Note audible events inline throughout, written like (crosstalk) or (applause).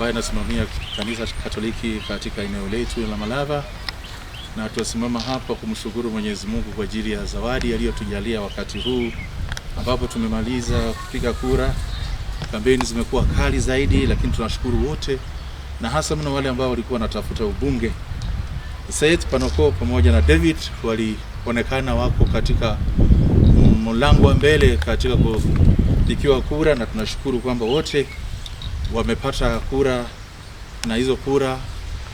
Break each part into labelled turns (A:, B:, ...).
A: ambaye anasimamia kanisa Katoliki katika eneo letu la Malava, na tunasimama hapa kumshukuru Mwenyezi Mungu kwa ajili ya zawadi aliyotujalia wakati huu ambapo tumemaliza kupiga kura. Kampeni zimekuwa kali zaidi, lakini tunashukuru wote na hasa mno wale ambao walikuwa wanatafuta ubunge. Said Panoko pamoja na David walionekana wako katika mlango wa mbele katika kupigiwa kura, na tunashukuru kwamba wote wamepata kura na hizo kura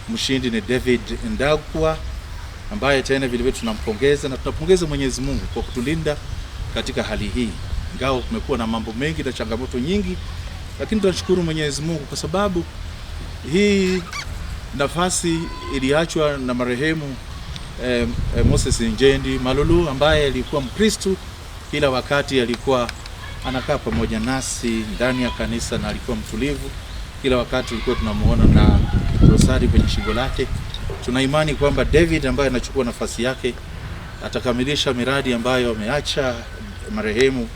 A: mshindi ni David Ndagwa ambaye tena vile vile tunampongeza na tunampongeza Mwenyezi Mungu kwa kutulinda katika hali hii, ingawa kumekuwa na mambo mengi na changamoto nyingi, lakini tunashukuru Mwenyezi Mungu kwa sababu hii nafasi iliachwa na marehemu eh, eh Moses Njendi Malulu ambaye alikuwa Mkristu, kila wakati alikuwa anakaa pamoja nasi ndani ya kanisa, na alikuwa mtulivu kila wakati, ulikuwa tunamuona na rosari kwenye shingo lake. Tuna imani kwamba David ambaye anachukua nafasi yake atakamilisha miradi ambayo ameacha marehemu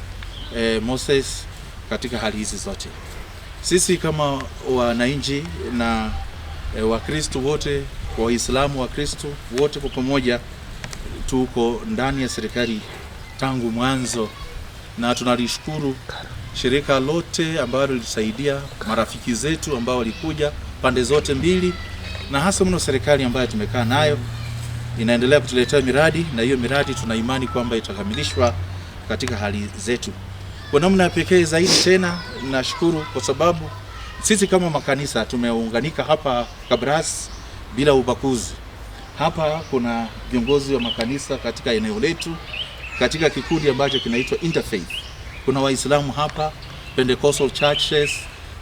A: eh, Moses katika hali hizi zote. Sisi kama wananchi na eh, Wakristo wote kwa Waislamu Kristo wote kwa pamoja tuko ndani ya serikali tangu mwanzo na tunalishukuru shirika lote ambalo lilisaidia, marafiki zetu ambao walikuja pande zote mbili, na hasa mno serikali ambayo tumekaa nayo inaendelea kutuletea miradi, na hiyo miradi tuna imani kwamba itakamilishwa katika hali zetu kwa namna ya pekee zaidi. Tena nashukuru kwa sababu sisi kama makanisa tumeunganika hapa Kabras bila ubakuzi Hapa kuna viongozi wa makanisa katika eneo letu katika kikundi ambacho kinaitwa Interfaith. Kuna Waislamu hapa, Pentecostal churches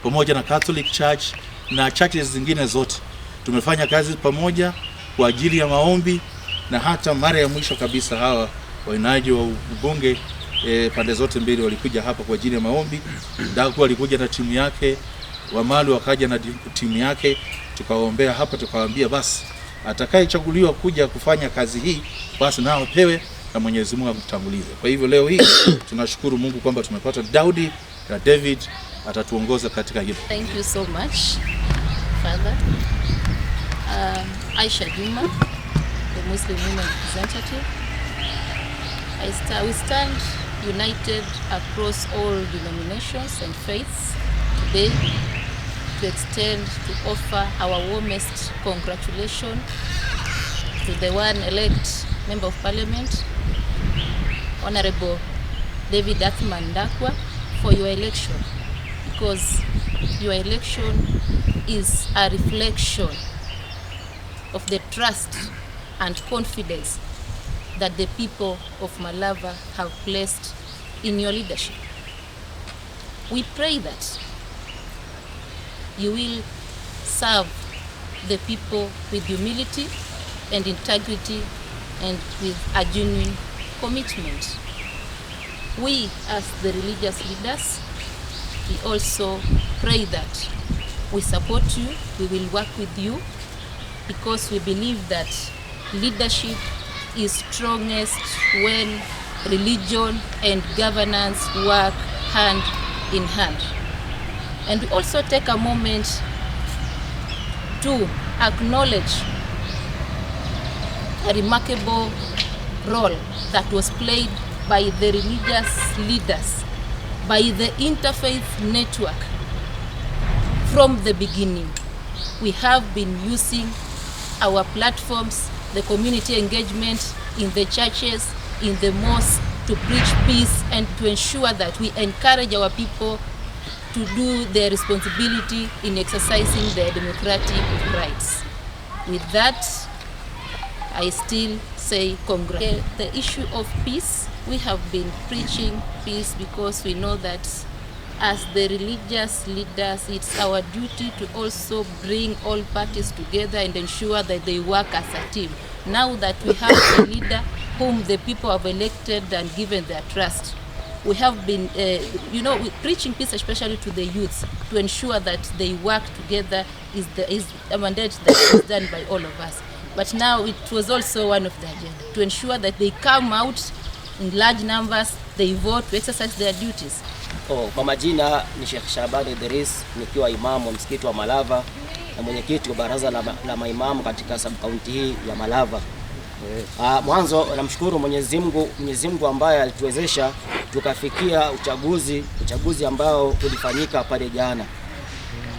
A: pamoja na Catholic Church na churches zingine zote. Tumefanya kazi pamoja kwa ajili ya maombi na hata mara ya mwisho kabisa hawa wainaji wa ubunge e, pande zote mbili walikuja hapa kwa ajili ya maombi. Daku alikuja na timu yake, Wamalu wakaja na timu yake, tukawaombea hapa, tukawaambia basi atakayechaguliwa kuja kufanya kazi hii basi nao pewe na Mwenyezi Mungu akutangulize. Kwa hivyo leo hii (coughs) tunashukuru Mungu kwamba tumepata Daudi na David atatuongoza katika hilo.
B: Thank you so much Father. Um, Aisha Juma, the Muslim Women Representative. I st we stand united across all denominations and faiths today to extend to offer our warmest congratulations to the one elect member of parliament Honorable David Athman Ndakwa for your election because your election is a reflection of the trust and confidence that the people of Malava have placed in your leadership. We pray that you will serve the people with humility and integrity and with a genuine commitment. We, as the religious leaders, we also pray that we support you, we will work with you, because we believe that leadership is strongest when religion and governance work hand in hand. And we also take a moment to acknowledge a remarkable role that was played by the religious leaders, by the interfaith network. From the beginning, we have been using our platforms, the community engagement in the churches, in the mosques, to preach peace and to ensure that we encourage our people to do their responsibility in exercising their democratic rights. With that, I still say congrats. The, eh, the issue of peace, we have been preaching peace because we know that as the religious leaders, it's our duty to also bring all parties together and ensure that they work as a team. Now that we have a leader whom the people have elected and given their trust, we have been, uh, you know, preaching peace, especially to the youths, to ensure that they work together is, the, is a mandate that is done by all of us. but now it was also one of the agenda to ensure that they come out in large numbers they vote to exercise their duties.
C: Oh, kwa majina ni Sheikh Shabani Idris nikiwa imamu wa msikiti wa Malava na mwenyekiti wa baraza la, la maimamu katika subkaunti hii ya Malava. Uh, mwanzo namshukuru Mwenyezi Mungu, Mwenyezi Mungu ambaye alituwezesha tukafikia uchaguzi, uchaguzi ambao ulifanyika pale jana,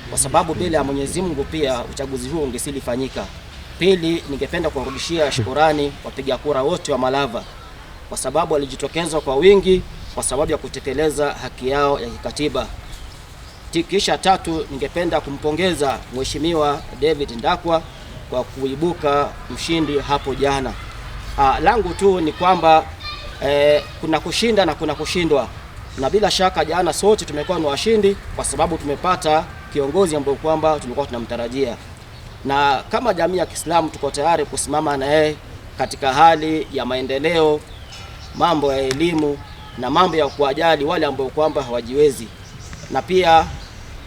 C: kwa sababu bila ya Mwenyezi Mungu pia uchaguzi huu ungesilifanyika. Pili, ningependa kuwarudishia shukurani wapiga kura wote wa Malava kwa sababu walijitokeza kwa wingi kwa sababu ya kutekeleza haki yao ya kikatiba. Kisha tatu, ningependa kumpongeza Mheshimiwa David Ndakwa kwa kuibuka mshindi hapo jana. Ah, langu tu ni kwamba eh, kuna kushinda na kuna kushindwa, na bila shaka jana sote tumekuwa ni washindi kwa sababu tumepata kiongozi ambaye kwamba tulikuwa tunamtarajia na kama jamii ya Kiislamu tuko tayari kusimama na yeye katika hali ya maendeleo, mambo ya elimu na mambo ya kuwajali wale ambao kwamba hawajiwezi, na pia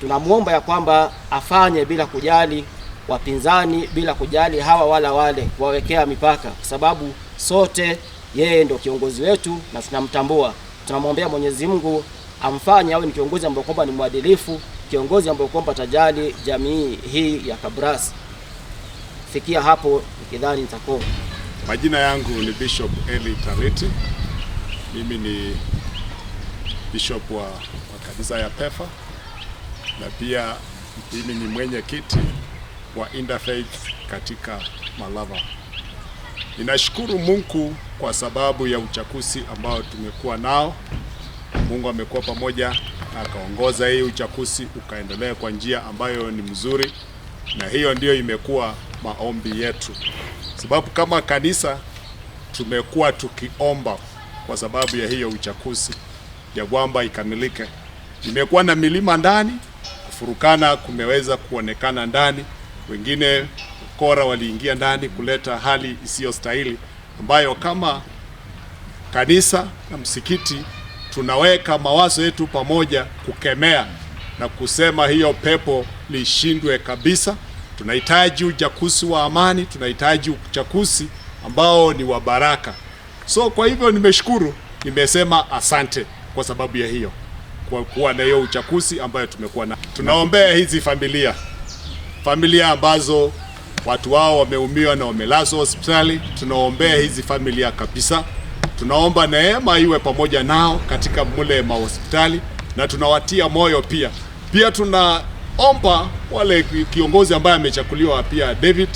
C: tunamwomba ya kwamba afanye bila kujali wapinzani, bila kujali hawa wala wale, kuwawekea mipaka, kwa sababu sote yeye ndio kiongozi wetu na tunamtambua. Tunamwombea Mwenyezi Mungu amfanye awe ni kiongozi ambaye kwamba ni mwadilifu, kiongozi ambaye kwamba tajali jamii hii ya Kabrasi kufikia hapo nikidhani nitakuwa.
D: Majina yangu ni Bishop Eli Tariti. Mimi ni bishop wa, wa kanisa ya Pefa na pia mimi ni mwenyekiti wa Interfaith katika Malava. Ninashukuru Mungu kwa sababu ya uchaguzi ambao tumekuwa nao. Mungu amekuwa pamoja akaongoza hii uchaguzi ukaendelea kwa njia ambayo ni mzuri, na hiyo ndiyo imekuwa maombi yetu, sababu kama kanisa tumekuwa tukiomba kwa sababu ya hiyo uchaguzi ya kwamba ikamilike. Imekuwa na milima ndani, kufurukana kumeweza kuonekana ndani, wengine kora waliingia ndani kuleta hali isiyostahili ambayo kama kanisa na msikiti tunaweka mawazo yetu pamoja kukemea na kusema hiyo pepo lishindwe kabisa. Tunahitaji uchaguzi wa amani, tunahitaji uchaguzi ambao ni wa baraka. So kwa hivyo nimeshukuru, nimesema asante kwa sababu ya hiyo, kwa kuwa na hiyo uchaguzi ambayo tumekuwa na. Tunaombea hizi familia, familia ambazo watu wao wameumiwa na wamelazwa hospitali. Tunaombea hizi familia kabisa, tunaomba neema iwe pamoja nao katika mule mahospitali, na tunawatia moyo pia pia tuna omba wale kiongozi ambaye amechakuliwa pia David,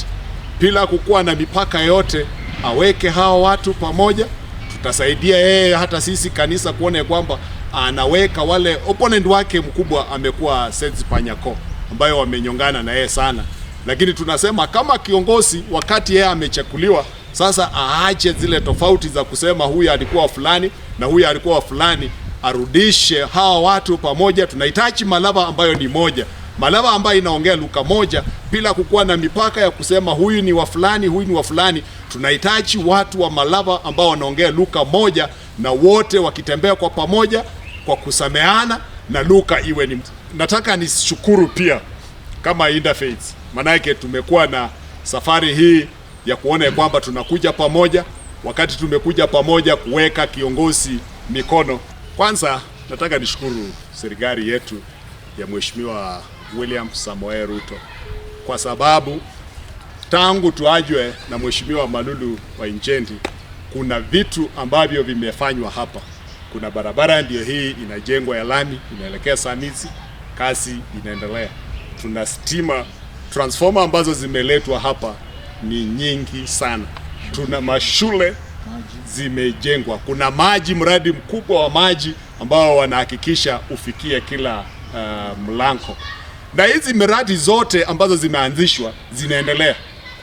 D: bila kukuwa na mipaka yote, aweke hawa watu pamoja. Tutasaidia yeye hata sisi kanisa kuona kwamba anaweka wale opponent wake mkubwa amekuwa Seth Panyako ambayo wamenyongana na yeye sana, lakini tunasema kama kiongozi, wakati yeye amechakuliwa sasa, aache zile tofauti za kusema huyu alikuwa fulani na huyu alikuwa fulani, arudishe hawa watu pamoja. Tunahitaji Malava ambayo ni moja. Malava ambayo inaongea lugha moja bila kukuwa na mipaka ya kusema huyu ni wa fulani, huyu ni wa fulani. Tunahitaji watu wa Malava ambao wanaongea lugha moja na wote wakitembea kwa pamoja kwa kusameana na lugha iwe ni. Nataka nishukuru pia kama interface, manake tumekuwa na safari hii ya kuona kwamba tunakuja pamoja. Wakati tumekuja pamoja kuweka kiongozi mikono kwanza, nataka nishukuru serikali yetu ya Mheshimiwa William Samoei Ruto, kwa sababu tangu tuajwe na Mheshimiwa Malulu wa Injendi kuna vitu ambavyo vimefanywa hapa. Kuna barabara ndiyo hii inajengwa ya lami inaelekea Samisi, kazi inaendelea. Tuna stima, transformer ambazo zimeletwa hapa ni nyingi sana. Tuna mashule zimejengwa, kuna maji, mradi mkubwa wa maji ambao wanahakikisha ufikie kila uh, mlango. na hizi miradi zote ambazo zimeanzishwa zinaendelea,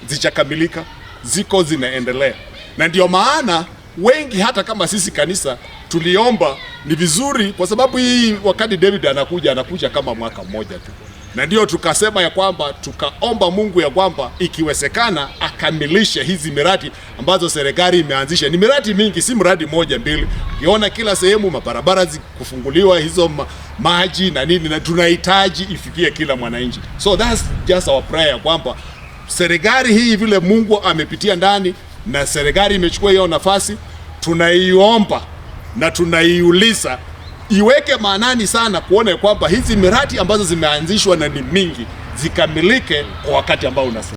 D: zichakamilika, ziko zinaendelea, na ndio maana wengi hata kama sisi kanisa tuliomba ni vizuri, kwa sababu hii wakati David anakuja anakuja kama mwaka mmoja tu na ndio tukasema ya kwamba tukaomba Mungu ya kwamba ikiwezekana akamilishe hizi miradi ambazo serikali imeanzisha. Ni miradi mingi, si mradi moja mbili. Ukiona kila sehemu mabarabara zikufunguliwa hizo ma maji na nini, na tunahitaji ifikie kila mwananchi. So that's just our prayer ya kwamba serikali hii vile Mungu amepitia ndani na serikali imechukua hiyo nafasi, tunaiomba na tunaiuliza iweke maanani sana kuona kwamba hizi miradi ambazo zimeanzishwa na ni mingi zikamilike kwa wakati ambao unasa